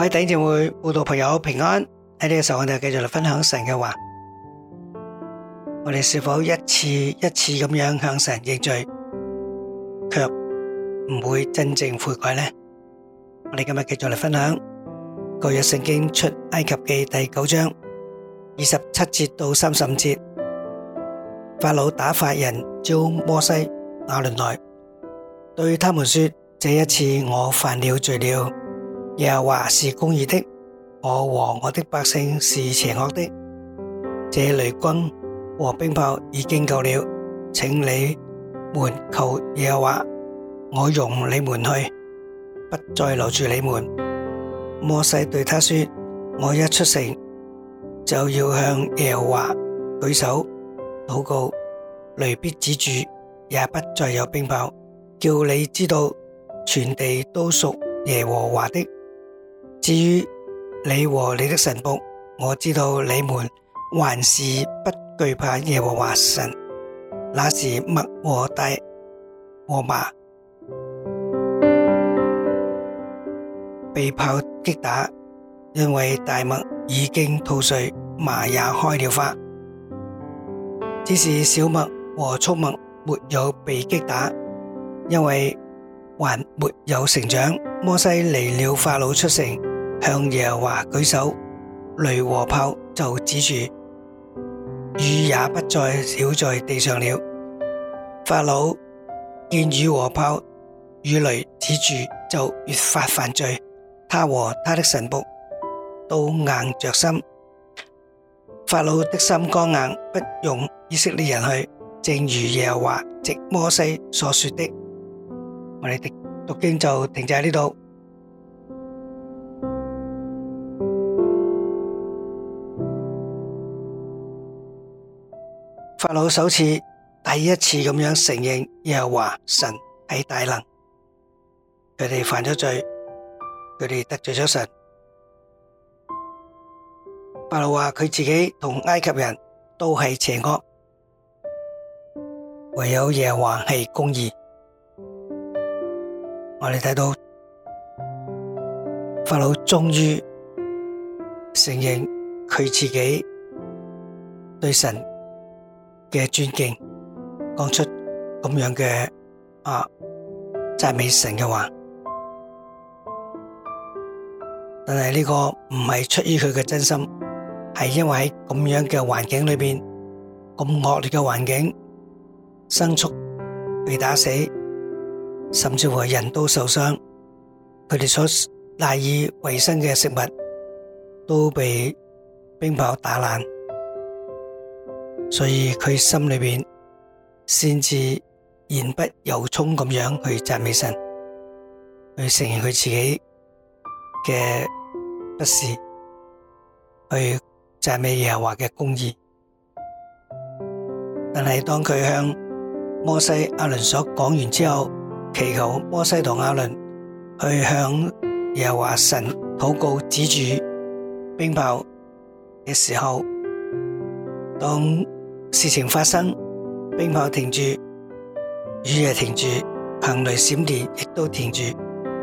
我喺頂住會報道朋友平安喺呢個時候，我哋繼續嚟分享神嘅話。我哋是否一次一次咁樣向神認罪，卻唔會真正悔改呢？我哋今日繼續嚟分享舊約聖經出埃及記第九章二十七節到三十五節。法老打發人招摩西、亞倫來，對他們說：這一次我犯了罪了。耶和華是公義的，我和我的百姓是邪惡的。這雷轟和冰雹已經夠了，請你們求耶和華，我容你們去，不再留住你們。摩西對他說：我一出城，就要向耶和華舉手禱告，雷必止住，也不再有冰雹，叫你知道全地都屬耶和華的。至於你和你的神僕，我知道你們還是不懼怕耶和華神。那時麥和大和麻被炮擊打，因為大麥已經吐穗，麻也開了花。只是小麥和粗麥沒有被擊打，因為還沒有成長。摩西離了法老出城。向耶華舉手，雷和炮就止住，雨也不再小在地上了。法老見雨和炮、雨雷止住，就越發犯罪。他和他的臣僕都硬着心。法老的心剛硬，不容以色列人去，正如耶和華藉摩西所說的。我哋讀經就停住喺呢度。法老首次，第一次咁樣承認，耶和華神係大能，佢哋犯咗罪，佢哋得罪咗神。法老話佢自己同埃及人都係邪惡，唯有耶和華係公義。我哋睇到法老終於承認佢自己對神嘅尊敬，講出咁樣嘅啊讚美神嘅話，但係呢個唔係出於佢嘅真心，係因為喺咁樣嘅環境裏邊，咁惡劣嘅環境，牲畜被打死，甚至乎人都受傷，佢哋所賴以維生嘅食物都被冰雹打爛。所以佢心裏邊先至言不由衷咁樣去贊美神，去承認佢自己嘅不是，去贊美耶和華嘅公義。但係當佢向摩西、亞倫所講完之後，祈求摩西同亞倫去向耶和華神禱告止住冰雹嘅時候，當事情發生，冰雹停住，雨也停住，行雷閃電亦都停住，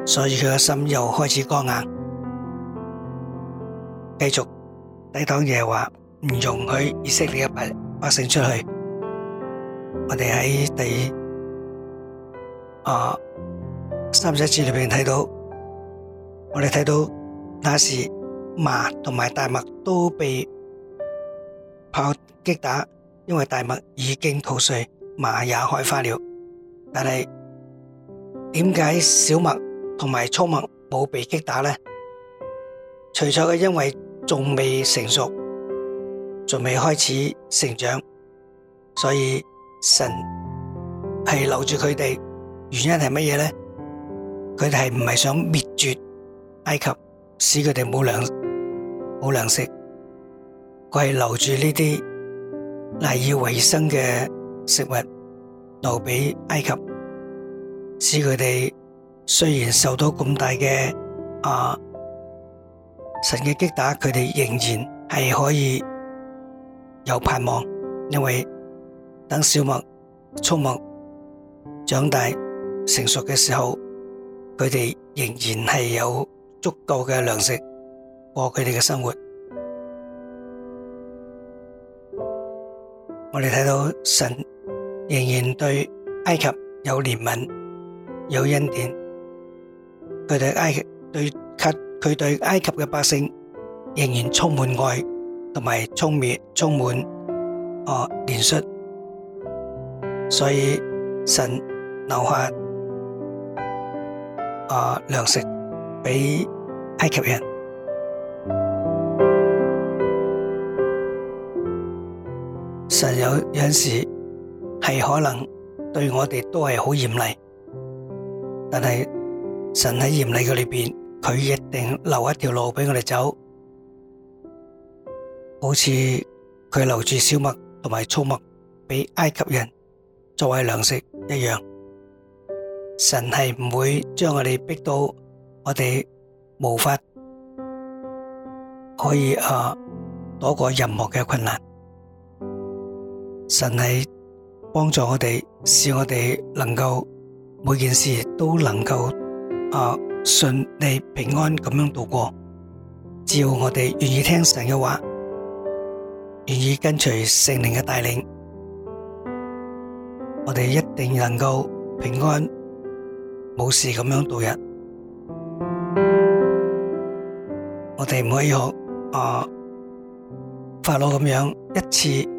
所以佢嘅心又開始剛硬，繼續抵擋耶華，唔容許以色列嘅百百姓出去。我哋喺第啊三十一節裏邊睇到，我哋睇到那時麻同埋大麥都被炮擊打。因為大麥已經吐穗，麻也開花了，但係點解小麥同埋粗麥冇被擊打呢？除咗佢因為仲未成熟，仲未開始成長，所以神係留住佢哋，原因係乜嘢呢？佢哋係唔係想滅絕埃及，使佢哋冇糧冇糧食？佢係留住呢啲。賴以維生嘅食物留俾埃及，使佢哋雖然受到咁大嘅，啊神嘅擊打，佢哋仍然係可以有盼望，因為等小麥、粗麥長大成熟嘅時候，佢哋仍然係有足夠嘅糧食過佢哋嘅生活。我哋睇到神仍然對埃及有憐憫、有恩典，佢對埃及、對佢、佢對埃及嘅百姓仍然充滿愛，同埋充滿充滿啊憐恤，所以神留下啊糧食俾埃及人。神有有陣時係可能對我哋都係好嚴厲，但係神喺嚴厲嘅裏邊，佢一定留一條路俾我哋走，好似佢留住小麥同埋粗麥畀埃及人作為糧食一樣。神係唔會將我哋逼到我哋無法可以啊，躲過任何嘅困難。神係幫助我哋，使我哋能夠每件事都能夠啊順利平安咁樣度過。只要我哋願意聽神嘅話，願意跟隨聖靈嘅帶領，我哋一定能夠平安，冇事咁樣度日。我哋唔可以學啊法老咁樣一次。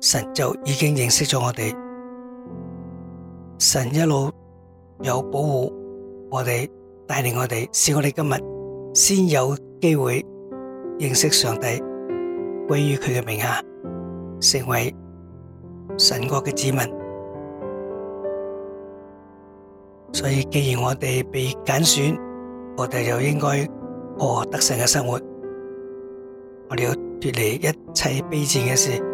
神就已經認識咗我哋，神一路有保護我哋，帶領我哋，使我哋今日先有機會認識上帝，歸於佢嘅名下，成為神國嘅子民。所以，既然我哋被揀選，我哋就應該過得神嘅生活，我哋要脫離一切卑賤嘅事。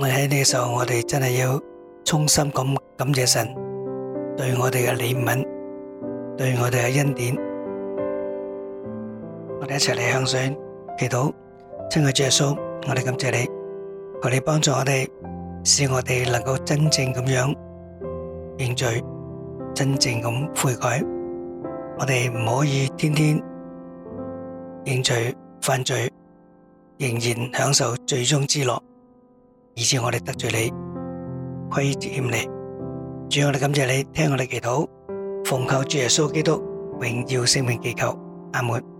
我哋喺呢個時候，我哋真係要衷心咁感謝神對我哋嘅憐憫，對我哋嘅恩典。我哋一齊嚟向上祈禱，親愛主耶穌，我哋感謝你，求你幫助我哋，使我哋能夠真正咁樣認罪，真正咁悔改。我哋唔可以天天認罪犯罪，仍然享受罪中之樂。以致我哋得罪你、虧欠你，主，我哋感謝你聽我哋祈禱，奉靠主耶穌基督榮耀聖名祈求阿門。